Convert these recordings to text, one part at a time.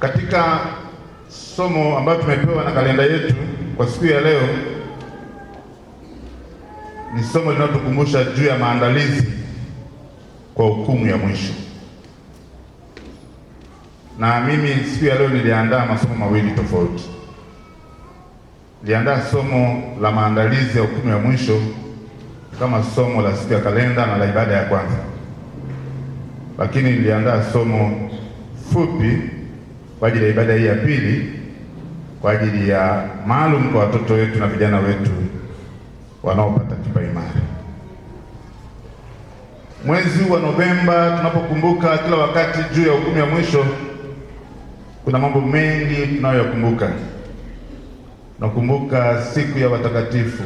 Katika somo ambalo tumepewa na kalenda yetu kwa siku ya leo ni somo linalotukumbusha juu ya maandalizi kwa hukumu ya mwisho, na mimi siku ya leo niliandaa masomo mawili tofauti. Niliandaa somo la maandalizi ya hukumu ya mwisho kama somo la siku ya kalenda na la ibada ya kwanza, lakini niliandaa somo fupi kwa ajili ya ibada hii ya pili kwa ajili ya maalum kwa watoto wetu na vijana wetu wanaopata kipaimara. Mwezi wa Novemba tunapokumbuka kila wakati juu ya hukumu ya mwisho, kuna mambo mengi tunayoyakumbuka. Tunakumbuka siku ya watakatifu,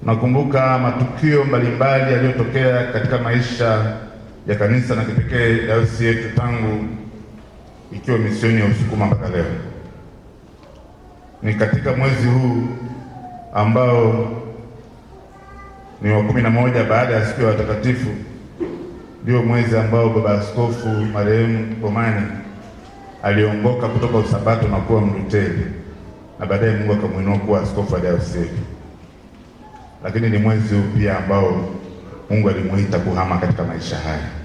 tunakumbuka matukio mbalimbali yaliyotokea katika maisha ya kanisa na kipekee dayosisi yetu tangu ikiwa misioni ya Usukuma mpaka leo. Ni katika mwezi huu ambao ni wa kumi na moja baada ya siku ya watakatifu, ndio mwezi ambao baba askofu marehemu Komani aliongoka kutoka usabato na kuwa mruteli na baadaye Mungu akamwinua kuwa askofu wa dayosisi yetu. Lakini ni mwezi huu pia ambao Mungu alimuita kuhama katika maisha haya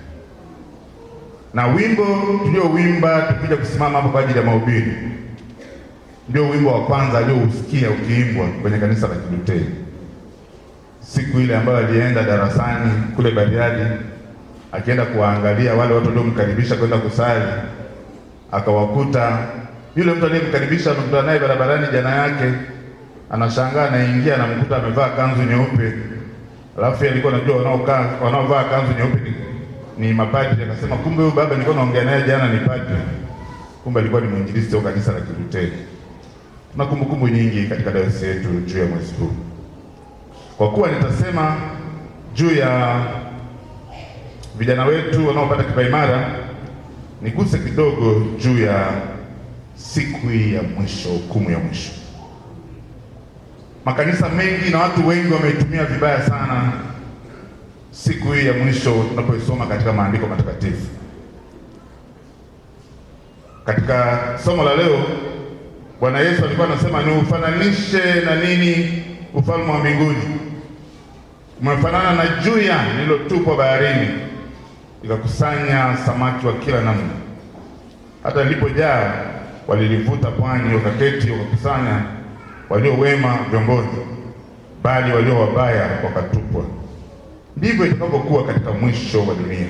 na wimbo tuliowimba tukija kusimama hapa kwa ajili ya mahubiri ndio wimbo wa kwanza aliyousikia ukiimbwa kwenye kanisa la Kiluteri siku ile ambayo alienda darasani kule Bariadi, akienda kuwaangalia wale watu waliomkaribisha kwenda kusali, akawakuta yule mtu aliyemkaribisha amekutana naye barabarani jana yake. Anashangaa, anaingia anamkuta amevaa kanzu nyeupe, alafu alikuwa anajua wanaokaa wanaovaa kanzu nyeupe ni mapadri. Akasema kumbe huyu baba nilikuwa naongea naye jana ni padri, kumbe alikuwa ni mwinjilisti wa kanisa la Kiluteri. Tuna kumbukumbu nyingi katika dayosisi yetu juu ya mwezi huu. Kwa kuwa nitasema juu ya vijana wetu wanaopata kipaimara, niguse kidogo juu ya siku hii ya mwisho, hukumu ya mwisho. Makanisa mengi na watu wengi wameitumia vibaya sana siku hii ya mwisho tunapoisoma katika maandiko matakatifu. Katika somo la leo, Bwana Yesu alikuwa anasema ni ufananishe na nini ufalme wa mbinguni? Umefanana na juya lililotupwa baharini, ikakusanya samaki wa kila namna, hata lilipojaa walilivuta pwani, wakaketi wakakusanya walio wema vyombozi, bali walio wabaya wakatupwa ndivyo itakavyokuwa katika mwisho wa dunia.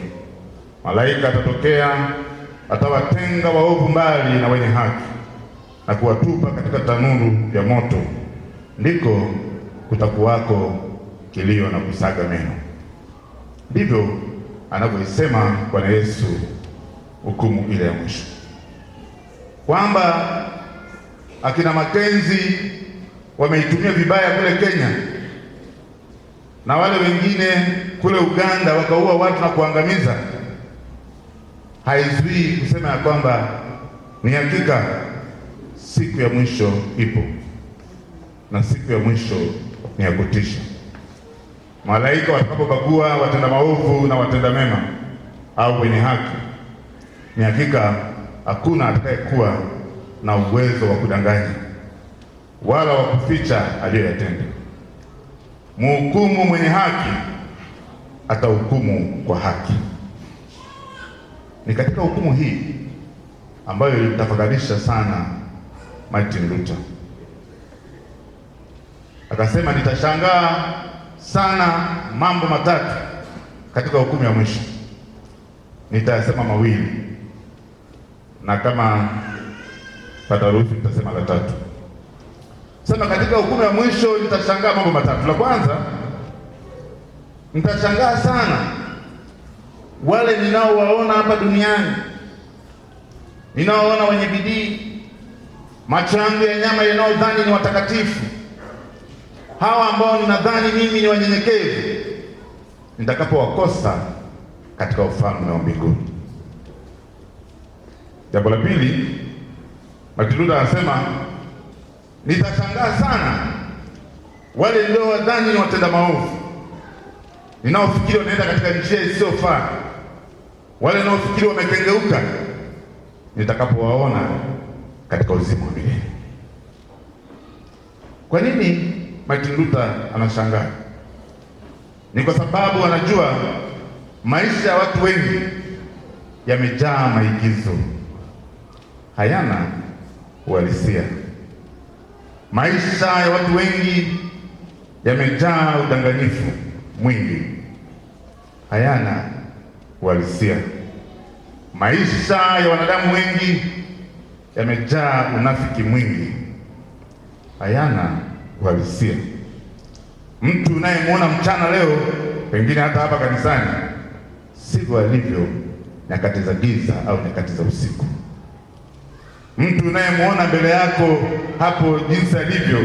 Malaika atatokea, atawatenga waovu mbali na wenye haki na kuwatupa katika tanuru ya moto, ndiko kutakuwako kilio na kusaga meno. Ndivyo anavyoisema Bwana Yesu hukumu ile ya mwisho, kwamba akina Makenzi wameitumia vibaya kule Kenya na wale wengine kule Uganda wakaua watu na kuangamiza, haizuii kusema ya kwamba ni hakika siku ya mwisho ipo, na siku ya mwisho ni ya kutisha. Malaika watakapobagua watenda maovu na watenda mema au wenye haki, ni hakika hakuna atakayekuwa na uwezo wa kudanganya wala wa kuficha aliyoyatenda. Mhukumu mwenye haki atahukumu kwa haki. Ni katika hukumu hii ambayo ilimtafakarisha sana Martin Luther. Akasema, nitashangaa sana mambo matatu katika hukumu ya mwisho, nitayasema mawili, na kama pataruhusu nitasema la tatu. Sema katika hukumu ya mwisho nitashangaa mambo matatu. La kwanza, nitashangaa sana wale ninaowaona hapa duniani, ninaowaona wenye bidii, macho yangu ya nyama yanayodhani ni watakatifu, hawa ambao ninadhani mimi ni wanyenyekevu, nitakapowakosa katika ufalme wa mbinguni. Jambo la pili, Martin Luther anasema Nitashangaa sana wale ndio wadhani ni watenda maovu, ninaofikiri wanaenda katika njia isiyofaa, wale wanaofikiri wamekengeuka, nitakapowaona katika uzima wa milele. Kwa nini Martin Luther anashangaa? Ni kwa sababu anajua maisha ya watu wengi yamejaa maigizo, hayana uhalisia. Maisha ya watu wengi yamejaa udanganyifu mwingi, hayana uhalisia. Maisha ya wanadamu wengi yamejaa unafiki mwingi, hayana uhalisia. Mtu unayemwona mchana leo, pengine hata hapa kanisani, sivyo alivyo nyakati za giza au nyakati za usiku mtu unayemwona mbele yako hapo jinsi alivyo,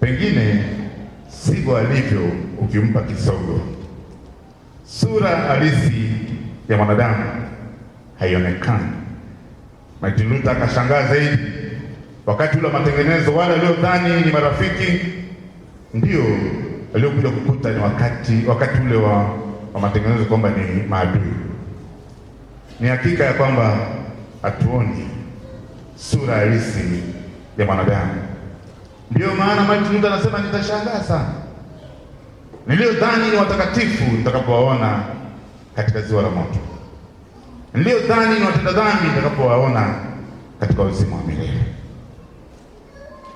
pengine sivyo alivyo ukimpa kisogo. Sura halisi ya mwanadamu haionekani. Martin Luther akashangaa zaidi wakati ule wa matengenezo, wale waliodhani ni marafiki ndio waliokuja kukuta ni wakati wakati ule wa, wa matengenezo kwamba ni maadui. Ni hakika ya kwamba hatuoni sura halisi ya mwanadamu. Ndiyo maana Martin Luther anasema nitashangaa sana niliyodhani ni watakatifu nitakapowaona katika ziwa la moto, niliyodhani ni watenda dhambi nitakapowaona katika uzima wa milele.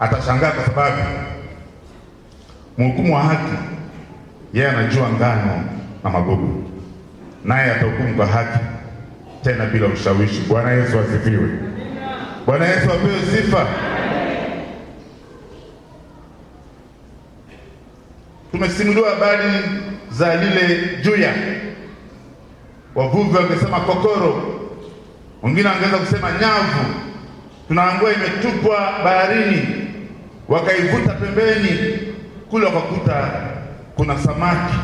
Atashangaa kwa sababu mhukumu wa haki yeye anajua ngano na magugu, naye atahukumu kwa haki tena bila ushawishi. Bwana Yesu asifiwe. Bwana Yesu apewe sifa. Tumesimuliwa habari za lile juya, wavuvi wakisema kokoro, wengine wangeweza kusema nyavu. tunaangua imetupwa baharini, wakaivuta pembeni kule, wakakuta kuna samaki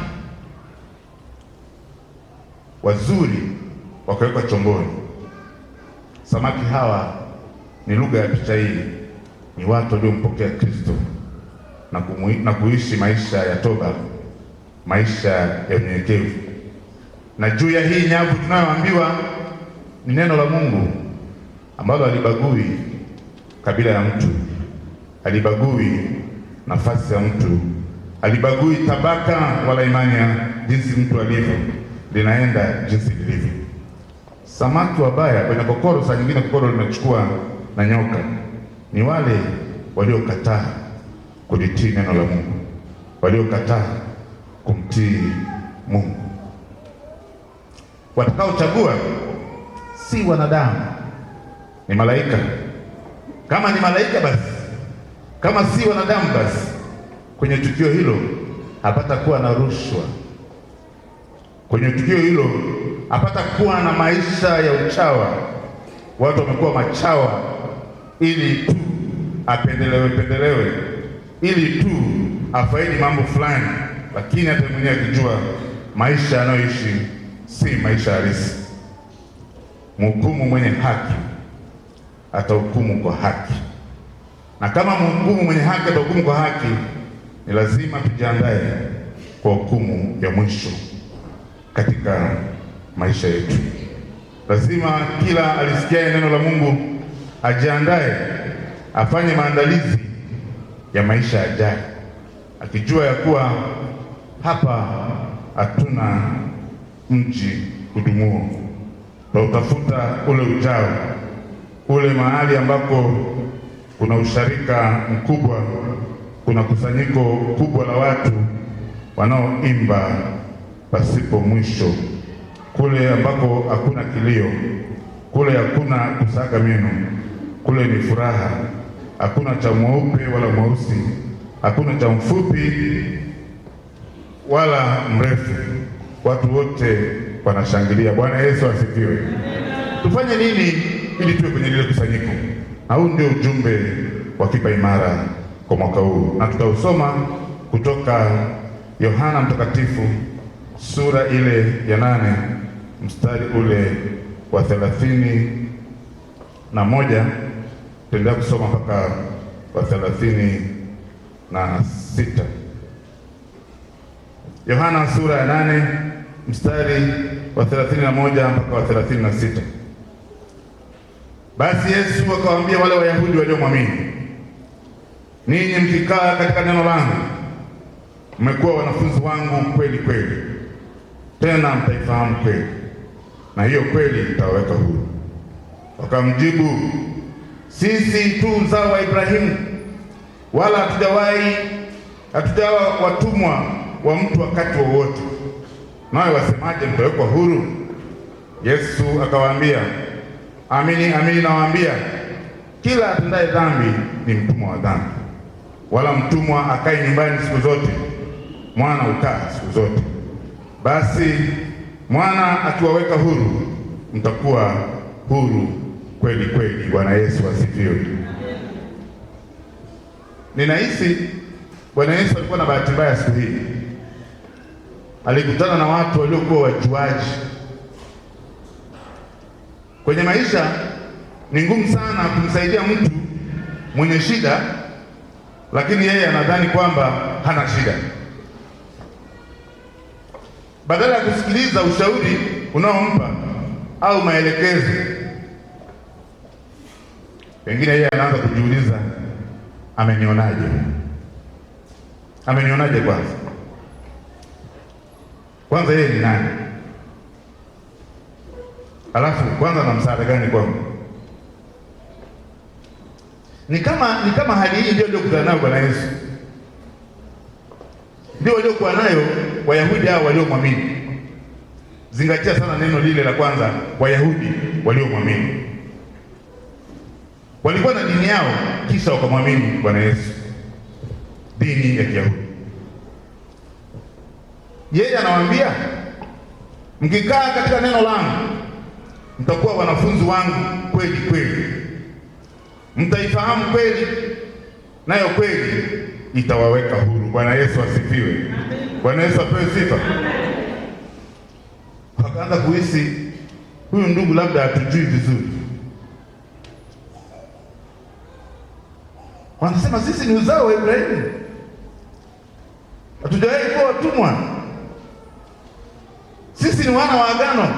wazuri, wakawekwa chomboni. Samaki hawa ni lugha ya picha hii ni watu waliompokea Kristo na, na kuishi maisha ya toba, maisha ya unyenyekevu. Na juu ya hii nyavu tunayoambiwa ni neno la Mungu ambalo alibagui kabila ya mtu, alibagui nafasi ya mtu, alibagui tabaka wala imani ya jinsi mtu alivyo, linaenda jinsi lilivyo. Samaki wabaya kwenye kokoro, saa nyingine kokoro linachukua na nyoka ni wale waliokataa kulitii neno la Mungu, waliokataa kumtii Mungu. Watakaochagua si wanadamu, ni malaika. Kama ni malaika basi, kama si wanadamu basi, kwenye tukio hilo hapata kuwa na rushwa, kwenye tukio hilo hapata kuwa na maisha ya uchawa. Watu wamekuwa machawa ili tu apendelewe pendelewe, ili tu afaidi mambo fulani, lakini hata mwenyewe akijua maisha anayoishi si maisha halisi. Mhukumu mwenye haki atahukumu kwa haki, na kama mhukumu mwenye haki atahukumu kwa haki, ni lazima tujiandae kwa hukumu ya mwisho katika maisha yetu. Lazima kila alisikiaye neno la Mungu ajiandae, afanye maandalizi ya maisha yajayo, akijua ya kuwa hapa hatuna mji udumuo, utafuta ule ujao, ule mahali ambapo kuna usharika mkubwa, kuna kusanyiko kubwa la watu wanaoimba pasipo mwisho, kule ambako hakuna kilio, kule hakuna kusaga meno kule ni furaha. Hakuna cha mweupe wala mweusi, hakuna cha mfupi wala mrefu, watu wote wanashangilia. Bwana Yesu asifiwe. Tufanye nini ili tuwe kwenye lile kusanyiko? Au ndio ujumbe wa Kipa Imara kwa mwaka huu, na tutausoma kutoka Yohana Mtakatifu sura ile ya nane mstari ule wa thelathini na moja tendea kusoma mpaka wa thelathini na sita Yohana sura ya nane mstari wa thelathini na moja mpaka wa thelathini na sita Basi Yesu akawaambia wale Wayahudi waliomwamini, ninyi mkikaa katika neno langu mmekuwa wanafunzi wangu kweli kweli, tena mtaifahamu kweli, na hiyo kweli itawaweka huru. Wakamjibu, sisi tu uzao wa Ibrahimu, wala hatujawahi hatujawa watumwa wa mtu wakati wowote. Nawe wasemaje, mtawekwa huru? Yesu akawaambia, amini amini nawaambia, kila atendaye dhambi ni mtumwa wa dhambi. Wala mtumwa akae nyumbani siku zote, mwana ukaa siku zote. Basi mwana akiwaweka huru, mtakuwa huru kweli kweli. Bwana Yesu asifiwe. Ninahisi Bwana Yesu alikuwa na bahati mbaya siku hii, alikutana na watu waliokuwa wajuaji kwenye maisha. Ni ngumu sana kumsaidia mtu mwenye shida, lakini yeye anadhani kwamba hana shida. Badala ya kusikiliza ushauri unaompa au maelekezo Pengine yeye anaanza kujiuliza amenionaje? Amenionaje kwanza? Kwanza yeye ni nani? Alafu kwanza na msaada gani kwangu? Ni kama ni kama hali hii ndio aliyokutana nayo Bwana Yesu, ndio waliokuwa nayo Wayahudi hao waliomwamini. Zingatia sana neno lile la kwanza, Wayahudi waliomwamini Walikuwa na dini yao kisha wakamwamini Bwana Yesu, dini ya Kiyahudi. Yeye anawaambia mkikaa katika neno langu mtakuwa wanafunzi wangu kweli kweli, mtaifahamu kweli, nayo kweli itawaweka huru. Bwana Yesu asifiwe. Bwana Yesu apewe sifa. Wakaanza kuhisi huyu ndugu labda hatujui vizuri wanasema sisi ni uzao wa Ibrahimu, hatujawahi kuwa watumwa, sisi ni wana wa agano.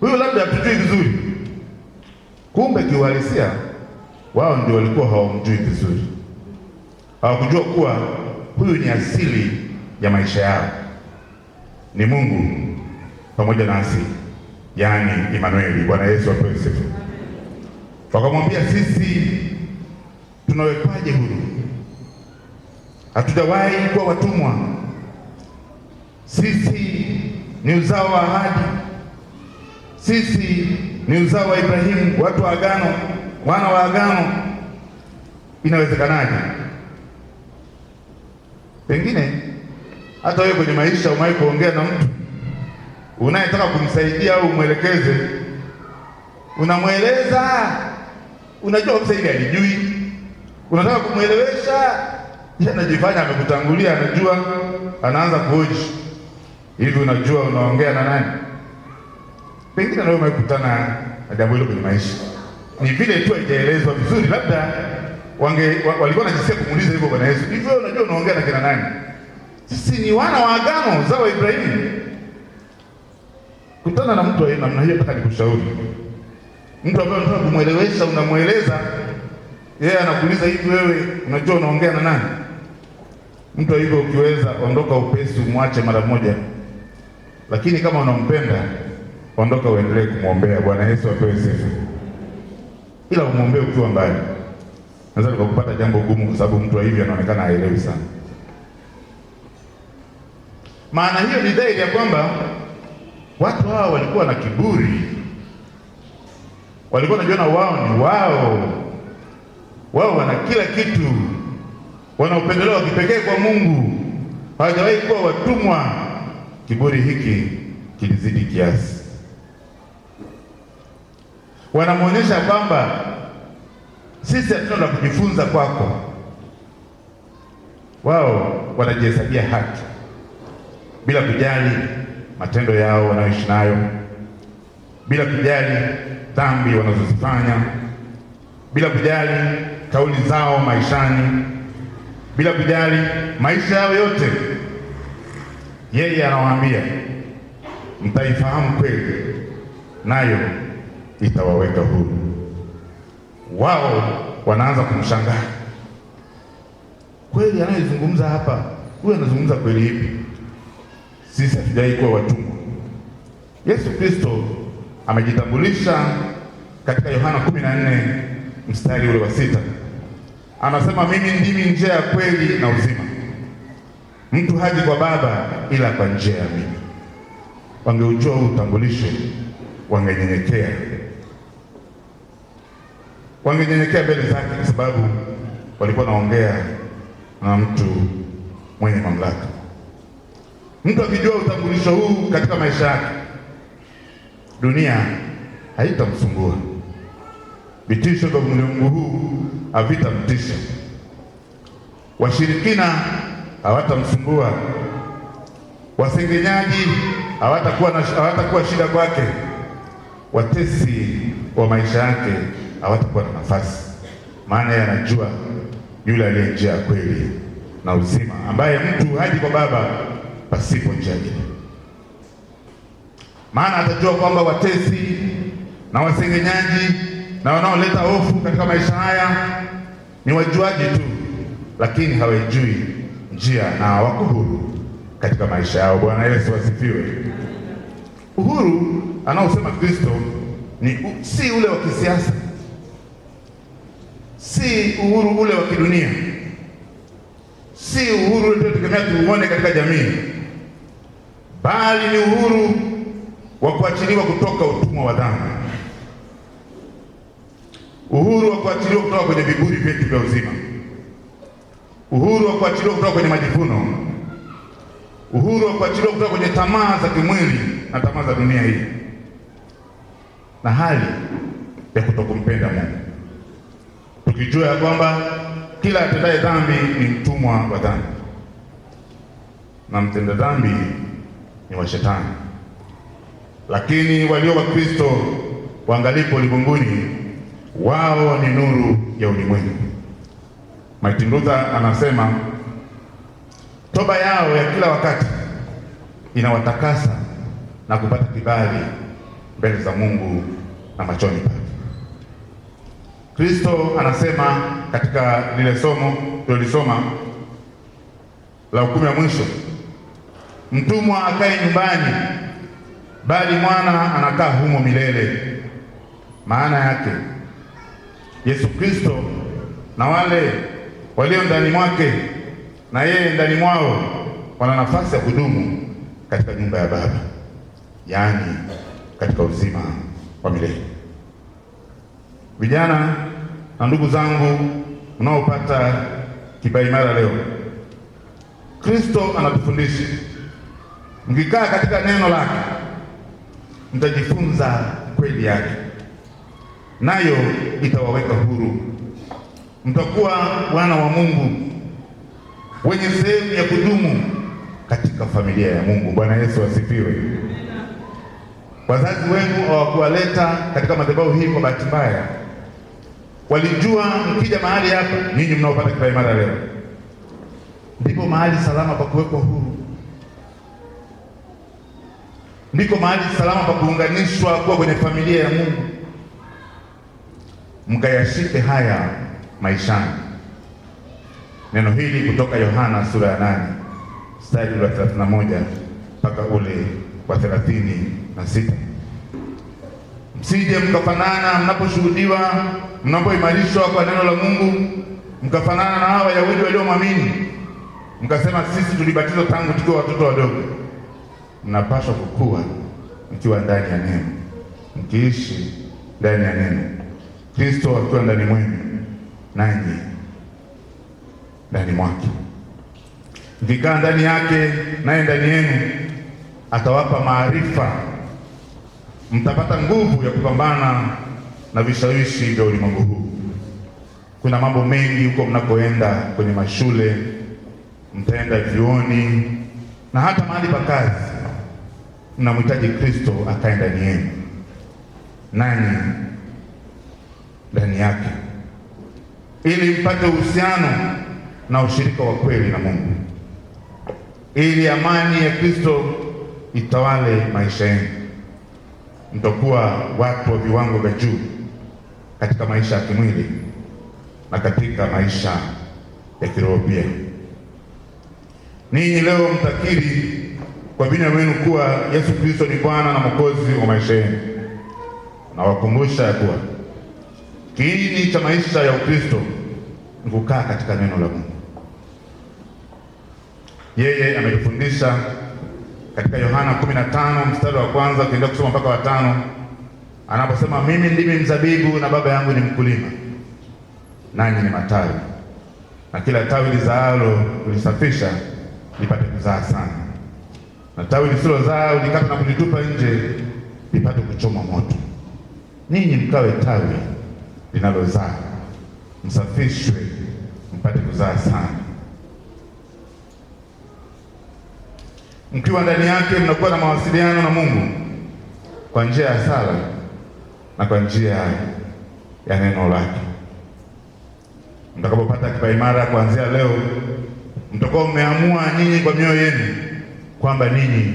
Huyo labda hatujui vizuri, kumbe kiuhalisia wao ndio walikuwa hawamjui vizuri, hawakujua kuwa huyu ni asili ya maisha yao, ni Mungu pamoja nasi, yaani Imanueli. Bwana Yesu apewe sifa. Wakamwambia sisi tunawekwaje huru? Hatujawahi kuwa watumwa. Sisi ni uzao wa ahadi, sisi ni uzao wa Ibrahimu, watu wa agano, wana wa agano. Inawezekanaje? Pengine hata wewe kwenye maisha umewahi kuongea na mtu unayetaka kumsaidia au umwelekeze, unamweleza unajua kabisa hili alijui unataka kumwelewesha, anajifanya amekutangulia, anajua, anaanza kuhoji hivi, unajua unaongea na nani? Pengine nawe umekutana na jambo hilo kwenye maisha, ni vile tu haijaelezwa vizuri, labda wange walikuwa wanajisikia kumuuliza hivyo, Bwana Yesu, hivi wewe unajua unaongea na kina nani? Sisi ni wana wa agano, uzao wa Ibrahimu. Kutana na mtu wa namna hiyo, nataka nikushauri, mtu ambaye unataka kumwelewesha, unamweleza yeye yeah, anakuuliza hivi, wewe unajua unaongea na nani? Mtu hivyo ukiweza ondoka upesi, umwache mara moja, lakini kama unampenda ondoka, uendelee kumwombea. Bwana Yesu apewe sifa, ila umwombee ukiwa mbali. Naweza nikakupata jambo gumu, kwa sababu mtu hivi anaonekana haelewi sana. Maana hiyo ni dhahiri ya kwamba watu hao walikuwa na kiburi, walikuwa wanajiona wao ni wao wao wana kila kitu, wana upendeleo wa kipekee kwa Mungu, hawajawahi kuwa watumwa. Kiburi hiki kilizidi kiasi, wanamwonyesha kwamba sisi hatuna la kujifunza kwako. Wao wanajihesabia haki bila kujali matendo yao wanayoishi nayo, bila kujali dhambi wanazozifanya, bila kujali kauli zao maishani bila kujali maisha yao yote. Yeye anawaambia mtaifahamu kweli, nayo itawaweka huru. Wao wanaanza kumshangaa, kweli anayezungumza hapa, huyu anazungumza kweli ipi? Sisi hatujai kuwa watumwa. Yesu Kristo amejitambulisha katika Yohana 14 mstari ule wa sita anasema mimi ndimi njia ya kweli na uzima, mtu haji kwa Baba ila kwa njia ya mimi. Wangeujua huu utambulisho, wangenyenyekea, wangenyenyekea mbele zake, kwa sababu walikuwa naongea na mtu mwenye mamlaka. Mtu akijua utambulisho huu katika maisha yake, dunia haitamsumbua. Vitisho vya ulimwengu huu havitamtisha, washirikina hawatamsumbua, wasengenyaji hawatakuwa hawatakuwa shida kwake, watesi wa maisha yake hawatakuwa na nafasi, maana yeye anajua yule aliye njia ya kweli na uzima, ambaye mtu haji kwa Baba pasipo njia Maana atajua kwamba watesi na wasengenyaji na wanaoleta hofu katika maisha haya ni wajuaji tu, lakini hawajui njia na hawako huru katika maisha yao. Bwana Yesu asifiwe. Uhuru anaosema Kristo ni si ule wa kisiasa, si uhuru ule wa kidunia, si uhuru ule tunaotegemea tuuone katika jamii, bali ni uhuru wa kuachiliwa kutoka utumwa wa dhambi uhuru wa kuachiliwa kutoka kwenye viburi vyetu vya uzima, uhuru wa kuachiliwa kutoka kwenye majivuno, uhuru wa kuachiliwa kutoka kwenye tamaa za kimwili na tamaa za dunia hii, na hali ya kutokumpenda Mungu, tukijua ya kwamba kila atendaye dhambi ni mtumwa wa dhambi na mtenda dhambi ni wa Shetani. Lakini walio wa Kristo waangalipo ulimwenguni wao ni nuru ya ulimwengu. Martin Luther anasema toba yao ya kila wakati inawatakasa na kupata kibali mbele za Mungu na machoni pake. Kristo anasema katika lile somo tulilisoma la hukumu ya mwisho, mtumwa akae nyumbani, bali mwana anakaa humo milele. Maana yake Yesu Kristo na wale walio ndani mwake na yeye ndani mwao wana nafasi ya kudumu katika nyumba ya Baba, yaani katika uzima wa milele. Vijana na ndugu zangu mnaopata kipaimara leo, Kristo anatufundisha mkikaa katika neno lake mtajifunza kweli yake nayo itawaweka huru. Mtakuwa wana wa Mungu wenye sehemu ya kudumu katika familia ya Mungu. Bwana Yesu asifiwe. Wazazi wenu hawakuwaleta katika madhabahu hii kwa bahati mbaya, walijua mkija mahali hapa, ninyi mnaopata kipaimara leo, ndipo mahali salama pa kuwekwa huru, ndiko mahali salama pa kuunganishwa kuwa kwenye familia ya Mungu mkayashike haya maishani. Neno hili kutoka Yohana sura ya nane mstari wa 31 mpaka ule wa 36. Msije mkafanana mnaposhuhudiwa, mnapoimarishwa kwa neno la Mungu, mkafanana na hawa Wayahudi waliomwamini, mkasema, sisi tulibatizwa tangu tukiwa watoto wadogo. Mnapaswa kukua mkiwa ndani ya neno, mkiishi ndani ya neno Kristo akiwa ndani mwenu, nanyi ndani mwake, mkikaa ndani yake, naye ndani yenu, atawapa maarifa, mtapata nguvu ya kupambana na vishawishi vya ulimwengu huu. Kuna mambo mengi huko mnakoenda, kwenye mashule, mtaenda vioni na hata mahali pa kazi, mnamhitaji Kristo akae ndani yenu nanyi ndani yake, ili mpate uhusiano na ushirika wa kweli na Mungu, ili amani ya Kristo itawale maisha yenu. Mtakuwa watu wa viwango vya juu katika maisha ya kimwili na katika maisha ya kiroho pia. Ninyi leo mtakiri kwa vinywa wenu kuwa Yesu Kristo ni Bwana na Mwokozi wa maisha yenu. Nawakumbusha ya kuwa Kiini cha maisha ya Ukristo ni kukaa katika neno la Mungu. Yeye ametufundisha katika Yohana 15 mstari wa kwanza ukiendelea kusoma mpaka wa tano, anaposema mimi ndimi mzabibu na Baba yangu ni mkulima, nanyi ni matawi, na kila tawi lizaalo ulisafisha lipate kuzaa sana, na tawi lisilozaa ulikata na kulitupa nje, lipate kuchoma moto. Ninyi mkawe tawi linalozaa, msafishwe mpate kuzaa sana. Mkiwa ndani yake mnakuwa na mawasiliano na Mungu kwa njia ya sala na kwa njia ya neno lake. Mtakapopata kipaimara kuanzia leo, mtakuwa mmeamua ninyi kwa mioyo yenu kwamba ninyi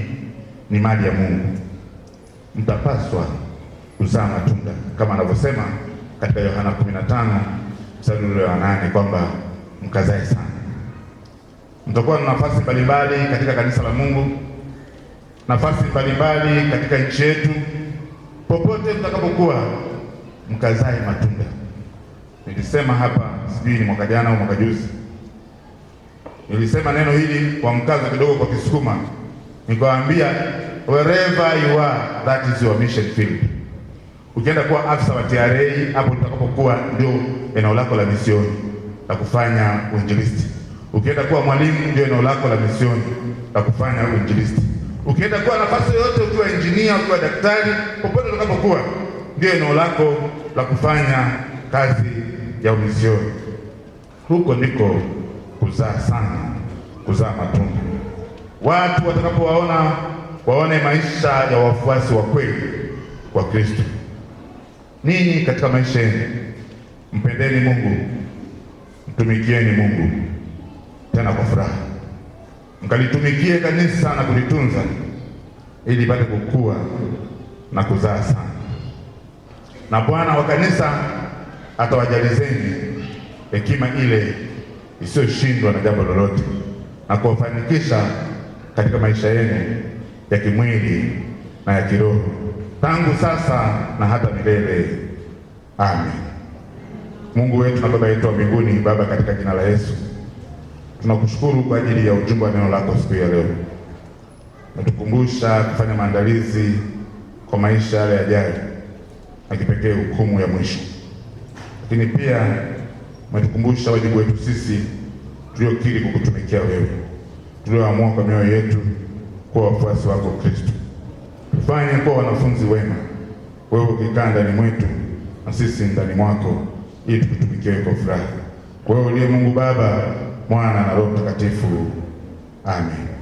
ni mali ya Mungu, mtapaswa kuzaa matunda kama anavyosema katika Yohana 15 mstari ule wa nane kwamba mkazae sana. Mtakuwa na nafasi mbalimbali katika kanisa la Mungu, nafasi mbalimbali katika nchi yetu. Popote mtakapokuwa, mkazae matunda. Nilisema hapa, sijui ni mwaka jana au mwaka juzi, nilisema neno hili kwa mkazo kidogo, kwa Kisukuma nikawaambia, wherever you are that is your mission field ukienda kuwa afisa wa TRA hapo utakapokuwa ndio eneo lako la misioni la kufanya uinjilisti. Ukienda kuwa mwalimu ndio eneo lako la misioni la kufanya uinjilisti. Ukienda kuwa nafasi yoyote, ukiwa injinia, ukiwa daktari, popote utakapokuwa ndio eneo lako la kufanya kazi ya umisioni. Huko ndiko kuzaa sana, kuzaa matunda. Watu watakapowaona waone maisha ya wafuasi wa kweli wa Kristo ninyi katika maisha yenu. Mpendeni Mungu, mtumikieni Mungu tena kwa furaha, mkalitumikie kanisa na kulitunza ili ipate kukua na kuzaa sana, na Bwana wa kanisa atawajalizeni hekima ile isiyoshindwa na jambo lolote, na kuwafanikisha katika maisha yenu ya kimwili na ya kiroho tangu sasa na hata milele. Amen. Mungu wetu na Baba yetu wa mbinguni, Baba, katika jina la Yesu tunakushukuru kwa ajili ya ujumbe wa neno lako siku ya leo. Natukumbusha kufanya maandalizi kwa maisha yale yajayo na kipekee hukumu ya mwisho, lakini pia umetukumbusha wajibu wetu sisi tuliokiri kukutumikia wewe, tulioamua kwa mioyo yetu kuwa wafuasi wako Kristo. Tufanye kuwa wanafunzi wema, wewe ukikaa ndani mwetu na sisi ndani mwako, ili tukutumikie kwa furaha. Kwa hiyo uliye Mungu Baba, Mwana na Roho Mtakatifu, amen.